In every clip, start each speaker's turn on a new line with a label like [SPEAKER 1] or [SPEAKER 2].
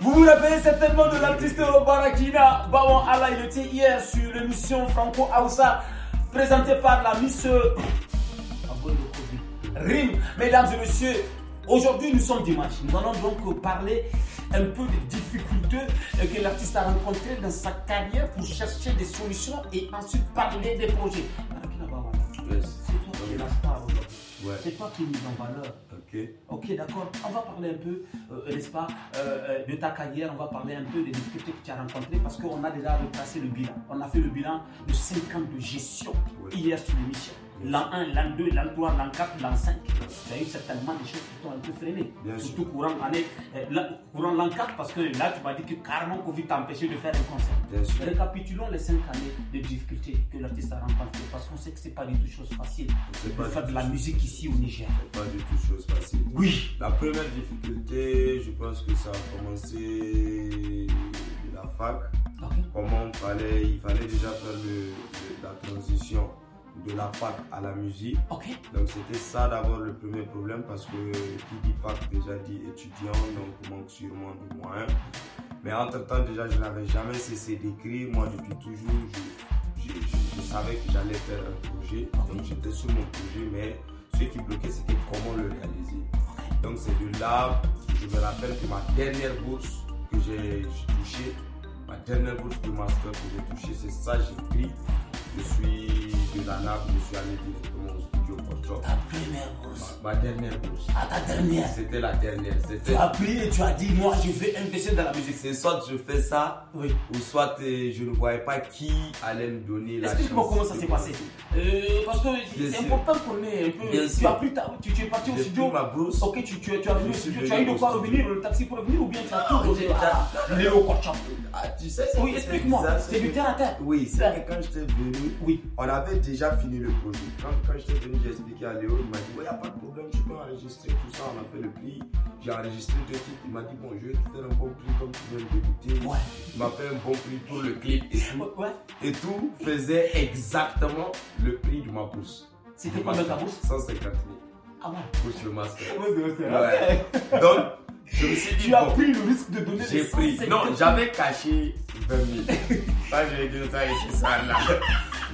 [SPEAKER 1] Vous vous rappelez certainement de l'artiste Barakina Bawan Allah. Il était hier sur l'émission Franco Aoussa présentée par la Miss euh, Rime. Mesdames et messieurs, aujourd'hui nous sommes dimanche. Nous allons donc parler un peu des difficultés euh, que l'artiste a rencontrées dans sa carrière pour chercher des solutions et ensuite parler des projets. Barakina Bawan, c'est toi qui es la C'est toi qui nous en valeur. Ok, d'accord. On va parler un peu, euh, n'est-ce pas, euh, euh, de ta carrière. On va parler un peu des difficultés que tu as rencontrées parce qu'on a déjà retracé le bilan. On a fait le bilan de 5 ans de gestion hier sur l'émission l'an 1, l'an 2, l'an 3, l'an 4, l'an 5, il y a eu certainement des choses qui t'ont un peu freiné. Surtout courant euh, l'an 4, parce que là, tu m'as dit que carrément Covid t'a empêché de faire un concert. Récapitulons les 5 années de difficultés que l'artiste a rencontré parce qu'on sait que c'est pas du tout chose facile de faire de la musique ici au Niger.
[SPEAKER 2] pas du tout chose facile. Oui. La première difficulté, je pense que ça a commencé la fac. Comment fallait, il fallait déjà faire le, la transition de la fac à la musique. Donc c'était ça d'abord le premier problème parce que qui dit fac déjà dit étudiant, donc manque sûrement de moyens. Mais entre-temps déjà je n'avais jamais cessé d'écrire, moi depuis toujours je, je, savais que j'allais faire un projet, donc j'étais sur mon projet, mais ce qui bloquait c'était comment le réaliser. Donc c'est de là, je me rappelle que ma dernière bourse que j'ai touchée, ma dernière bourse de master que j'ai touchée, c'est ça j'écris je suis de la nappe. je suis allé tout le monde. Ta première bourse. Ma, dernière bourse. Ah, ta dernière. C'était la dernière. Tu as pris et tu as dit, moi, je vais investir dans la musique. C'est soit je fais ça, ou soit euh, je ne voyais pas qui allait me donner la Explique-moi comment ça s'est passé. Euh, parce que c'est important
[SPEAKER 1] qu'on ait un peu. tu, as pris ta, tu, es parti au studio. Ok, tu, tu as venu Tu as eu de quoi revenir, le taxi pour revenir, ou bien tu as tout ah, rejeté.
[SPEAKER 2] Léo coach Ah, tu sais, c'est Oui, explique-moi. C'est du terre à terre. Oui, c'est quand t'ai venu, oui. on avait déjà fini le projet. Quand, quand j'étais venu, j'ai expliqué à Léo, il m'a dit, il n'y a pas de problème, tu peux enregistrer tout ça. On a fait le prix, J'ai enregistré deux titres. Il m'a dit, bon, je vais te faire un bon prix comme tu viens de Ouais. Il m'a fait un bon prix pour le clip et tout. faisait exactement le prix de ma bourse. C'était combien ta bourse 150 000. Ah ouais Bourse le master. Donc, je me suis dit, tu as pris
[SPEAKER 1] le risque de donner J'ai pris. Non,
[SPEAKER 2] j'avais caché 20 000. Je j'ai dire ça, et ça, là.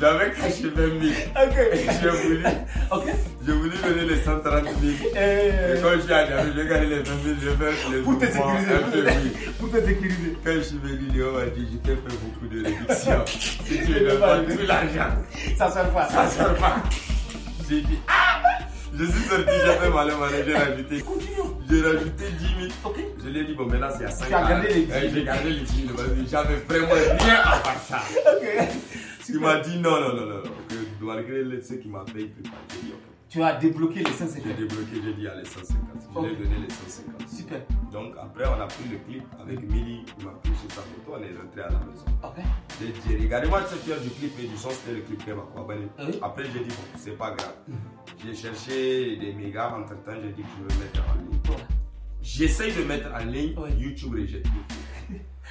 [SPEAKER 2] J'avais caché 20 000. Okay. J'ai voulu, venir j'ai voulu donner les 130 000. Eh, eh, eh. Et quand je suis arrivé, j'ai gardé les 20 000, je vais les Pour te sécuriser. Pour te sécuriser. Quand je suis venu, Léo m'a dit, je t'ai fait beaucoup de réductions. si tu ne pas tout l'argent. Ça ne sort pas. Ça ne sort pas. J'ai dit, ah! Je suis sorti, j'ai fait mal j'ai rajouté. J'ai rajouté 10 000. Ok. Je lui ai dit, bon, maintenant c'est à 5 000. J'ai gardé les 10 000. J'avais vraiment rien à part ça. Ok. Il m'a dit non, non, non, non, que malgré les qu'il m'a payé, il peut Dit, Tu as débloqué les 150 J'ai débloqué, j'ai dit à les 150. Je lui ai donné les 150. Super. Donc après, on a pris le clip avec Milly, il m'a pris sur sa photo, on est rentré à la maison. Ok. J'ai dit, regardez-moi cette as du clip et du son, c'était le clip qui m'a abonné. Après, j'ai dit, bon, c'est pas grave. Mm. J'ai cherché des mégas, entre temps, j'ai dit que je vais mettre en ligne. J'essaye de mettre en ligne, YouTube rejette le clip.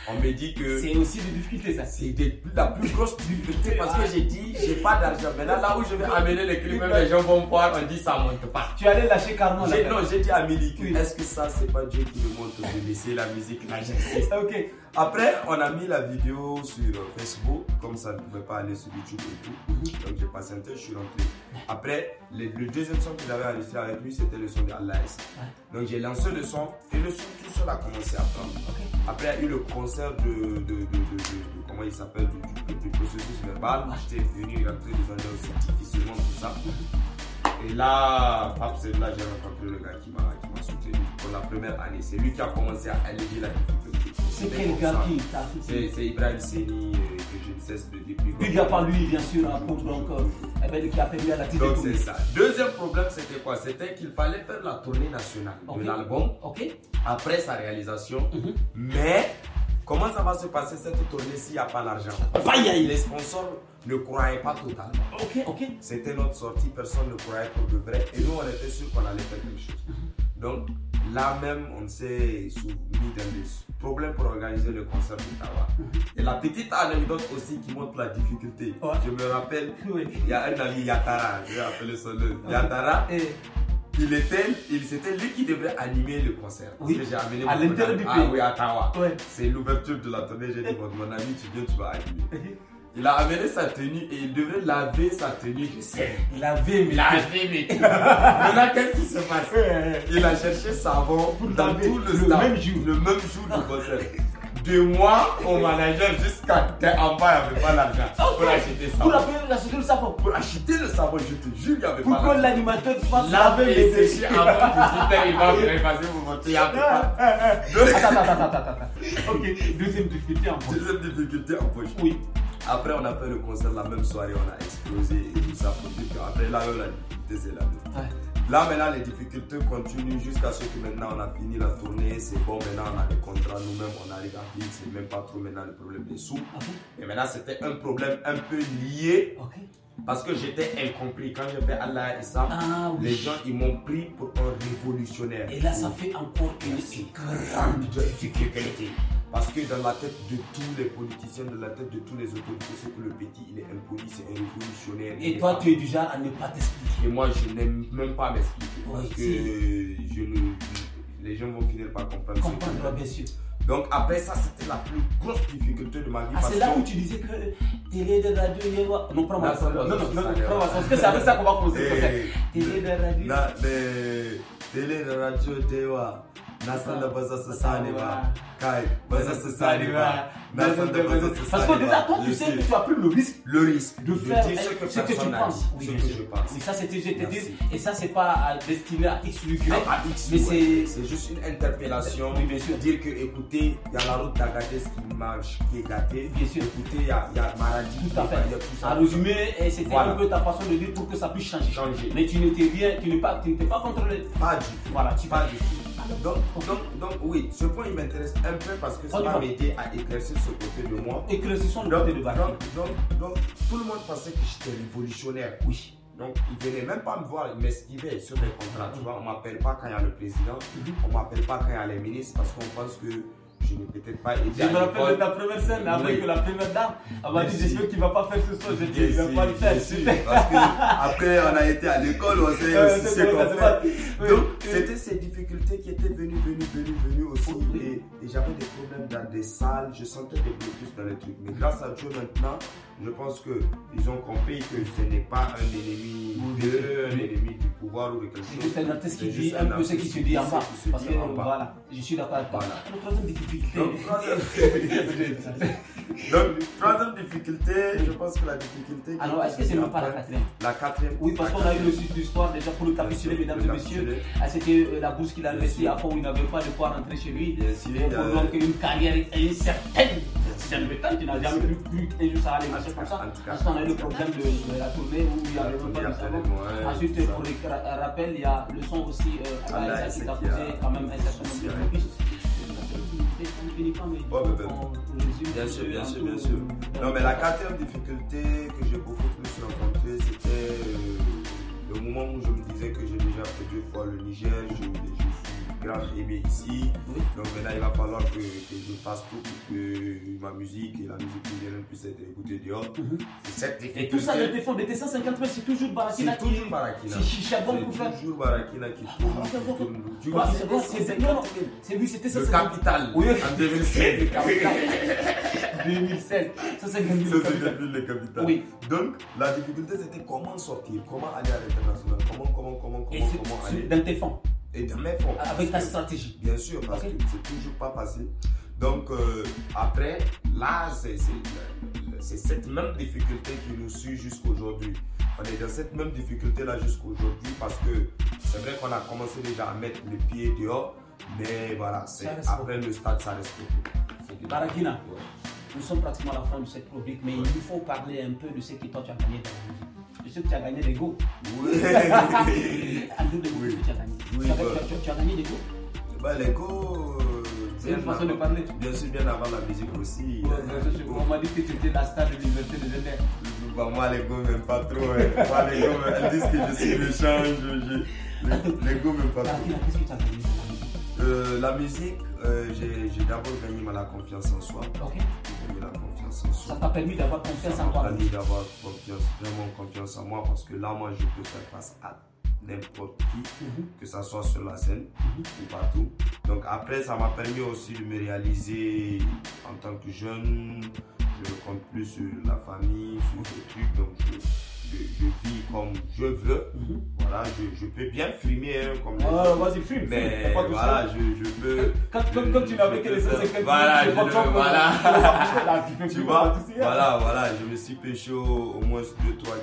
[SPEAKER 2] On me dit que. C'est aussi des difficultés, ça. C'est la plus grosse difficulté parce que j'ai dit, j'ai pas d'argent. Maintenant, là où je vais amener les clés, même les gens vont voir, on dit, ça monte pas. Tu allais lâcher Carmen là. Non, j'ai dit à Militude. est-ce que ça, c'est pas Dieu qui me montre de laisser la musique là, Ok. Après, on a mis la vidéo sur Facebook, comme ça ne pouvait pas aller sur YouTube et tout. Donc j'ai patienté, je suis rentré. Après, le, deuxième son que j'avais enregistré avec lui, c'était le son de Allah Donc j'ai lancé le son et le son tout seul a commencé à prendre. Après, il y a eu le concert de, de, de, comment il s'appelle, du, processus verbal. J'étais venu rentrer des années aussi difficilement, tout ça. Et là, c'est là j'ai rencontré le gars qui m'a soutenu pour la première année. C'est lui qui a commencé à alléger la difficulté. C'est quel gars qui C'est Ibrahim Seni euh, que je ne cesse de Il Puis a pas lui, bien sûr, à contre donc Eh qui ben, a perdu à la Donc c'est ça. Deuxième problème, c'était quoi C'était qu'il fallait faire la tournée nationale de l'album après sa réalisation, mhm. mais Comment ça va se passer cette tournée s'il n'y a pas l'argent Les sponsors ne croyaient pas totalement. Ok, ok. C'était notre sortie, personne ne croyait pour de vrai. Et nous, on était sûr qu'on allait faire quelque chose. Mhm. Donc, Là même, on s'est soumis d'un problème pour organiser le concert d'Ottawa. Et la petite anecdote aussi qui montre la difficulté. Je me rappelle, il y a un ami Yatara, je vais appeler son nom. Ah. Yatara. Et il était, c'était lui qui devait animer le concert. Parce j'ai amené à l'intérieur du pays. Ah oui, à C'est l'ouverture de la tournée. J'ai dit, mon ami, tu viens, tu vas animer. Il a amené sa tenue et il devrait laver sa tenue. Je sais. il mes Laver mes tenues. Maintenant, qu'est-ce qui se passe Il a cherché savon dans tout le, le Même jour. Le même jour du concert. De moi au manager jusqu'à en bas, il n'y avait pas l'argent ah, pour acheter Pour,
[SPEAKER 1] acheter le savon. Pour acheter le savon, je te jure, il n'y avait pas l'argent. Pour l'animateur fasse laver les déchets avant que il va vous repasser pour monter. Attends, attends,
[SPEAKER 2] attends, attends. Ok, deuxième difficulté en poche. Deuxième difficulté en poche. Oui. Après, on a fait le concert la même soirée, on a explosé et ça pour dire qu'après là, on a des élèves. Là, maintenant, les difficultés continuent jusqu'à ce que maintenant on a fini la tournée, c'est bon, maintenant on a les contrats nous-mêmes, on arrive à vivre, c'est même pas trop maintenant le problème des sous. mais Et maintenant, c'était un problème un peu lié. Parce que j'étais incompris. Quand j'ai fait Allah et ça, ah, les gens ils m'ont pris pour un révolutionnaire. Et là, ça fait encore une, une grande difficulté. Parce que dans la tête de tous les politiciens, dans la tête de tous les autorités, c'est que le petit, il est impoli, c'est un révolutionnaire. Et toi, tu es du genre à ne pas t'expliquer. Et moi, je n'aime même pas m'expliquer. parce que
[SPEAKER 1] les gens vont finir par comprendre. Comprendre, bien sûr. Donc après ça, c'était la plus grosse difficulté de ma vie. Ah, c'est là où tu disais que télé de radio,
[SPEAKER 2] non, prends ma Non, non, non, parce que c'est avec ça qu'on va commencer. Eh, télé de radio. Télé de radio, Dewa. Na san da sani Kai, ba sani ba. Na le sani Parce que déjà, toi, tu sais que tu as pris le risque. Le risque. De faire ce que tu penses. Oui, ce que je
[SPEAKER 1] pense. Et ça, c'était, je t'ai dit, et ça, c'est pas destiné
[SPEAKER 2] à X ou Y. Mais c'est. C'est juste une interpellation. Oui, bien sûr. Dire que, écoutez, il y a la route d'Agadez qui marche, qui est gâtée. Bien sûr. Écoutez, il y a, y a Maradi. Tout à fait.
[SPEAKER 1] En résumé, eh, c'était un peu ta façon de dire pour que ça puisse changer. Changer. Mais tu n'étais rien, tu n'étais pas, pas
[SPEAKER 2] contrôlé. Pas du tout. Voilà, tu pas du tout. Donc, oui, ce point il m'intéresse un peu parce que ça m'a m'aider à éclaircir ce côté de moi. éclaircir son côté de donc, donc, tout le monde pensait que j'étais révolutionnaire, oui. Donc, ils venaient même pas me voir, ils m'esquivaient sur les contrats. Tu vois, on m'appelle pas quand il y a le président, mhm. on m'appelle pas quand il y a les ministres parce qu'on pense que je n'ai peut-être pas été. Je me rappelle de ta première scène avec la première dame. Elle m'a dit J'espère qu'il ne va pas faire ce soir. J'ai
[SPEAKER 1] dit Il ne va pas le faire. parce que après, on a été à l'école, on s'est aussi
[SPEAKER 2] Donc, c'était ces difficultés qui étaient venues, venues, venues, venues aussi. Et, j'avais des problèmes dans des salles. Je sentais des plus dans les trucs. Mais grâce à Dieu maintenant, je pense qu'ils ont compris que ce n'est pas un ennemi Dieu un ennemi du pouvoir ou de quelque chose. C'est juste un artiste qui dit un peu ce qui se dit en bas. Parce que voilà, je suis d'accord avec toi.
[SPEAKER 1] Donc, troisième
[SPEAKER 2] difficulté. je pense que la difficulté.
[SPEAKER 1] Alors, est-ce que c'est même pas la quatrième
[SPEAKER 2] La quatrième. Oui, parce qu'on a eu le du
[SPEAKER 1] d'histoire déjà pour le capituler, mesdames et messieurs. Ah, c'était euh, la bourse qu'il a investie à où il n'avait pas de quoi rentrer chez lui. Donc, euh, une carrière incertaine. C'est un temps, tu n'as jamais plus plus un ça marcher comme ça. Parce qu'on a eu le problème de la tournée où il y avait le problème de Ensuite, pour le rappel, il y a le son aussi euh, à la ah, qui posé quand même un certain nombre de
[SPEAKER 2] Oh, ben, ben. bien sûr, bien sûr, bien sûr. Non, mais la quatrième difficulté que j'ai beaucoup plus rencontrée, c'était euh, le moment où je me disais que j'ai déjà fait deux fois le Niger, je, grave aimé ici. Donc maintenant, il va falloir que, que je fasse tout pour que ma musique et la musique nigérienne puissent être écoutées dehors. Mhm. Et tout ça, le défend
[SPEAKER 1] des tes 150 mètres, c'est toujours Barakina qui. C'est toujours Barakina. C'est Chicha C'est
[SPEAKER 2] toujours Barakina qui ah, tourne. Tu ah, vois,
[SPEAKER 1] c'est lui, c'était ça. Le capital. Oui, en
[SPEAKER 2] 2016.
[SPEAKER 1] Le capital. 2016. Ça, c'est le capital. Oui. Donc,
[SPEAKER 2] la difficulté, c'était comment sortir, comment aller à l'international, comment, comment, comment, comment, comment aller. Dans tes fonds. Avec ta stratégie. Bien sûr, parce que c'est toujours pas passé. Donc, euh, après, là, c'est cette même difficulté qui nous suit jusqu'aujourd'hui. On est dans cette même difficulté-là jusqu'aujourd'hui parce que c'est vrai qu'on a commencé déjà à mettre les pieds dehors, mais voilà, après le stade, ça reste beaucoup.
[SPEAKER 1] Barakina, nous sommes pratiquement à la fin de cette rubrique, mais il il faut parler un peu de ce que toi tu as gagné dans la vie. Je sais que tu as gagné l'ego. go. Oui. tu as gagné. Oui,
[SPEAKER 2] bah. tu, as, gagné l'ego. Eh bah, ben, Les go. Euh, C'est une façon de parler. Bien sûr, bien avant la musique aussi. on m'a dit que tu étais la star de l'université de Genève. Mm, bah, moi, les go, même pas trop. Hein. moi, les go, elles disent que je suis le change. Les, go, même pas trop. Qu'est-ce que tu as gagné euh, La musique. Euh, j'ai d'abord gagné ma confiance en soi. la confiance en soi. Ça t'a permis d'avoir confiance en toi. Ça m'a permis d'avoir confiance, vraiment confiance en moi parce que là, moi, je peux faire face à n'importe qui, mhm. que ça soit sur la scène mhm. ou partout. Donc après, ça m'a permis aussi de me réaliser en tant que jeune. Je ne compte plus sur la famille, sur les trucs. Donc je, vis comme je veux. Mhm je, peux bien filmer. Hein, comme ça. Ah, vas-y, filme. Mais voilà, je, je peux. comme, comme tu n'avais que les 150 Voilà, je le, voilà. tu, tu, tu vois, hein. voilà, voilà, je me suis pêché au, moins 2-3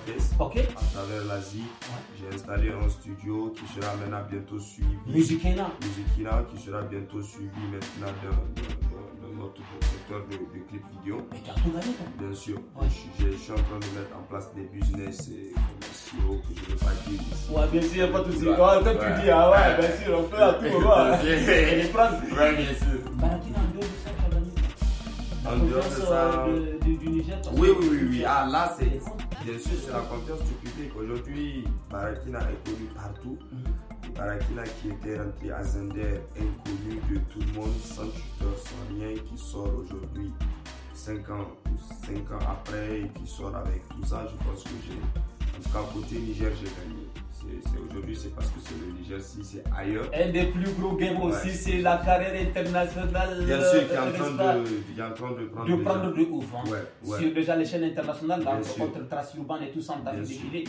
[SPEAKER 2] caisses. Ok. à travers l'Asie. J'ai installé un studio qui sera maintenant bientôt suivi. Musikina. Musikina qui sera bientôt suivi maintenant d'un notre secteur de, clips vidéo. Mais tu as tout Bien sûr. Je, je, suis en train de mettre en place des business et que je ne veux pas dire ici. Ouais, bien sûr, pas tout ça. Quand tu dis, ah ouais, bien sûr, on peut à tout moment. les phrases. oui bien sûr.
[SPEAKER 1] Barakina en dehors de ça, tu as En dehors de ça. Euh, du Niger Oui, oui, oui, Ah, là, c'est.
[SPEAKER 2] Bien sûr, c'est la confiance du public. Aujourd'hui, Barakina est connu partout. Mm. Barakina qui était rentré à Zender, inconnu de tout le monde, sans tuteur, sans rien, qui sort aujourd'hui 5 ans, ou 5 ans après, qui sort avec tout ça, je pense que j'ai ka kote Niger jè ganyi. c'est aujourd'hui, c'est parce que c'est le Niger, si c'est ailleurs. Un des plus gros games aussi, c'est la carrière internationale. Bien sûr, qui est en train de, prendre. De prendre de ouf. Hein.
[SPEAKER 1] Sur déjà les chaînes internationales, là, contre Trace
[SPEAKER 2] Urban et tout ça, on le défilé.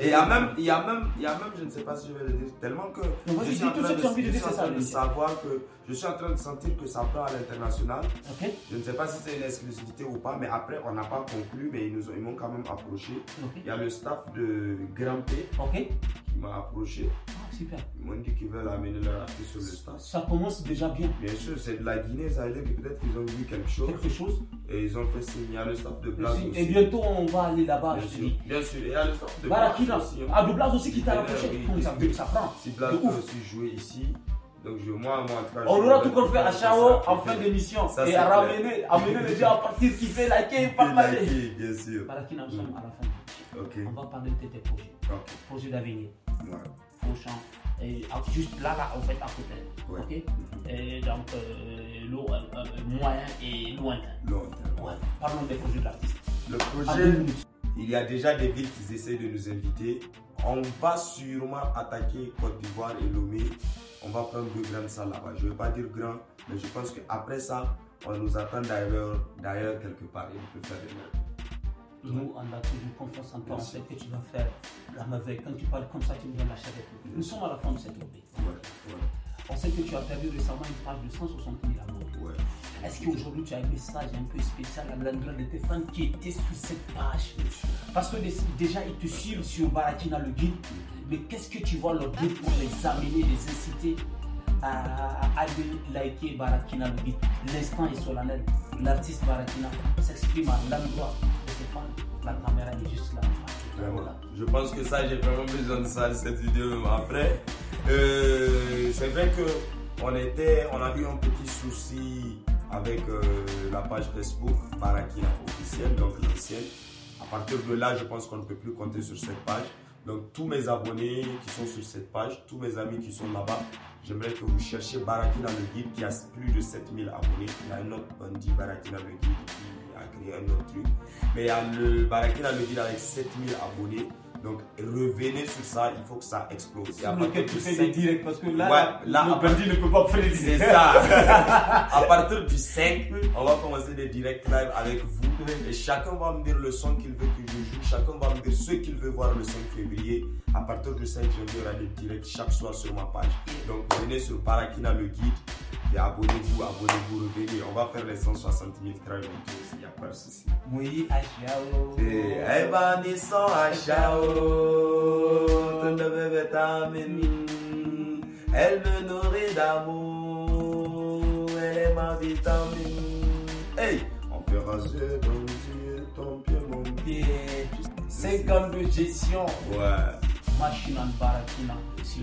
[SPEAKER 2] Et il y a même, il y a même, il y a même, je ne sais pas si je vais le dire, tellement que. moi je, je suis en train de, de, ça, de savoir que je suis en train de sentir que ça prend à l'international. Okay. Je ne sais pas si c'est une exclusivité ou pas, mais après, on n'a pas conclu, mais ils nous ont, m'ont quand même approché. Il y a le staff de Grand P ok qui m'a approché. Ah, super. Ils m'ont dit qu'ils veulent amener leur artiste sur le stade. Ça commence déjà bien. Bien sûr, c'est de la Guinée, ça veut dire que peut-être qu'ils ont vu quelque chose. Quelque chose. Et ils ont fait signer à le stade de Blas Et bientôt, on va aller là-bas, Bien sûr, et à le stade de Blas hein. Ah, de aussi qui t'a eh approché. Ça ça prend. Si Blas aussi jouer ici, donc je, moi, moi, en on aura tout confié à
[SPEAKER 1] Chao en fin d'émission et à ramener, amener les gens à partir, qui fait liker, partager. Bien sûr. qui nous mm. sommes à la fin. On va parler de tes projets. Projet Projets d'avenir. Ouais. Prochain. Et ah, juste là, là, en fait, à côté. Ok mhm. et Donc, euh, euh, euh, moyen
[SPEAKER 2] et lointain. Lointain. Parlons des projets de Le projet, il y a déjà des villes qui essaient de nous inviter. On va sûrement attaquer Côte d'Ivoire et Lomé. On va prendre deux grandes salles là-bas. Je ne vais pas dire grand, mais je pense qu'après ça, on nous attend d'ailleurs quelque part et peut faire des nous, on a toujours
[SPEAKER 1] confiance en toi, on sait que tu vas faire la merveille. Quand tu parles comme ça, tu viens donnes lâcher avec Nous sommes à la fin de cette journée. On sait que tu as perdu récemment une page de 160 000 amours. Est-ce qu'aujourd'hui tu as un message un peu spécial à l'endroit de tes fans qui étaient sur cette page Parce que déjà ils te suivent sur Barakina le guide, mm-hmm. mais qu'est-ce que tu vois leur guide pour les amener, les inciter à aller liker Barakina le guide L'instant est solennel. L'artiste Barakina s'exprime à l'endroit la caméra est
[SPEAKER 2] juste là. Je pense que ça, j'ai vraiment besoin de ça, de cette vidéo après. Euh, c'est vrai que on était, on a eu un petit souci avec euh, la page Facebook Barakina officielle, donc l'ancienne. À partir de là, je pense qu'on ne peut plus compter sur cette page. Donc tous mes abonnés qui sont sur cette page, tous mes amis qui sont là-bas, j'aimerais que vous cherchiez Barakina le guide qui a plus de 7000 abonnés. Il y a un autre bandit Barakina le guide à créer un autre truc. Mais il y a le le Medina avec 7000 abonnés. Donc revenez sur ça, il faut que ça explose. Sur lequel tu fais 5... directs parce que là, le ne peut pas C'est ça. à partir du 5, on va commencer des directs live avec vous et chacun va me dire le son qu'il veut que je Chacun va me dire ce qu'il veut voir le 5 février. À partir du 5 janvier, il y aura des directs chaque soir sur ma page. Donc venez sur Parakina le guide et abonnez-vous, abonnez-vous, revenez. On va faire les 160 000 trains il n'y a pas de souci. Oui, à Eh, eh ben, bah, ils à Elle me nourrit d'amour. Elle est ma vitamine. Hey! On fera ce bon Dieu, ton pied, mon pied de gestion. Ouais. Machine en baratina. Si,